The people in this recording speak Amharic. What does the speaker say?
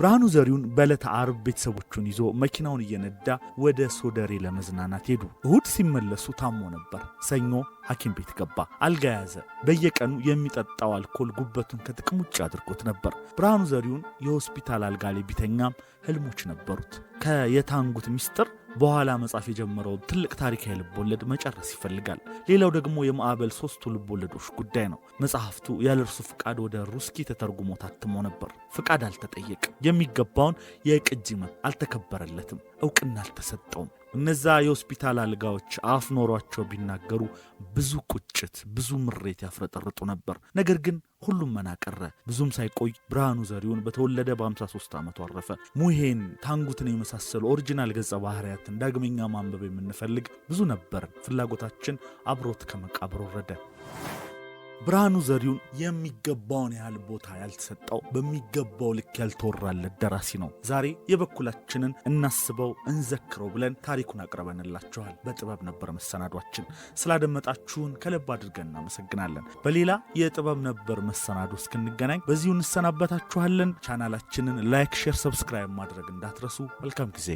ብርሃኑ ዘሪሁን በዕለተ አርብ ቤተሰቦቹን ይዞ መኪናውን እየነዳ ወደ ሶደሬ ለመዝናናት ሄዱ። እሁድ ሲመለሱ ታሞ ነበር። ሰኞ ሐኪም ቤት ገባ፣ አልጋ ያዘ። በየቀኑ የሚጠጣው አልኮል ጉበቱን ከጥቅም ውጭ አድርጎት ነበር። ብርሃኑ ዘሪሁን የሆስፒታል አልጋ ላይ ቢተኛም ህልሞች ነበሩት። ከየታንጉት ሚስጥር በኋላ መጻፍ የጀመረው ትልቅ ታሪካዊ ልቦለድ መጨረስ ይፈልጋል። ሌላው ደግሞ የማዕበል ሶስቱ ልቦለዶች ጉዳይ ነው። መጽሐፍቱ ያለ እርሱ ፍቃድ ወደ ሩስኪ ተተርጉሞ ታትሞ ነበር። ፍቃድ አልተጠየቅም። የሚገባውን የቅጂ መብት አልተከበረለትም። እውቅና አልተሰጠውም። እነዛ የሆስፒታል አልጋዎች አፍ ኖሯቸው ቢናገሩ ብዙ ቁጭት፣ ብዙ ምሬት ያፍረጠርጡ ነበር። ነገር ግን ሁሉም መናቀረ። ብዙም ሳይቆይ ብርሃኑ ዘሪሁን በተወለደ በ53 ዓመቱ አረፈ። ሙሄን፣ ታንጉትን የመሳሰሉ ኦሪጂናል ገጸ ባህርያትን ዳግመኛ ማንበብ የምንፈልግ ብዙ ነበር። ፍላጎታችን አብሮት ከመቃብር ወረደ። ብርሃኑ ዘሪሁን የሚገባውን ያህል ቦታ ያልተሰጠው በሚገባው ልክ ያልተወራለት ደራሲ ነው። ዛሬ የበኩላችንን እናስበው እንዘክረው ብለን ታሪኩን አቅርበንላችኋል። በጥበብ ነበር መሰናዷችን። ስላደመጣችሁን ከልብ አድርገን እናመሰግናለን። በሌላ የጥበብ ነበር መሰናዶ እስክንገናኝ በዚሁ እንሰናበታችኋለን። ቻናላችንን ላይክ፣ ሼር፣ ሰብስክራይብ ማድረግ እንዳትረሱ። መልካም ጊዜ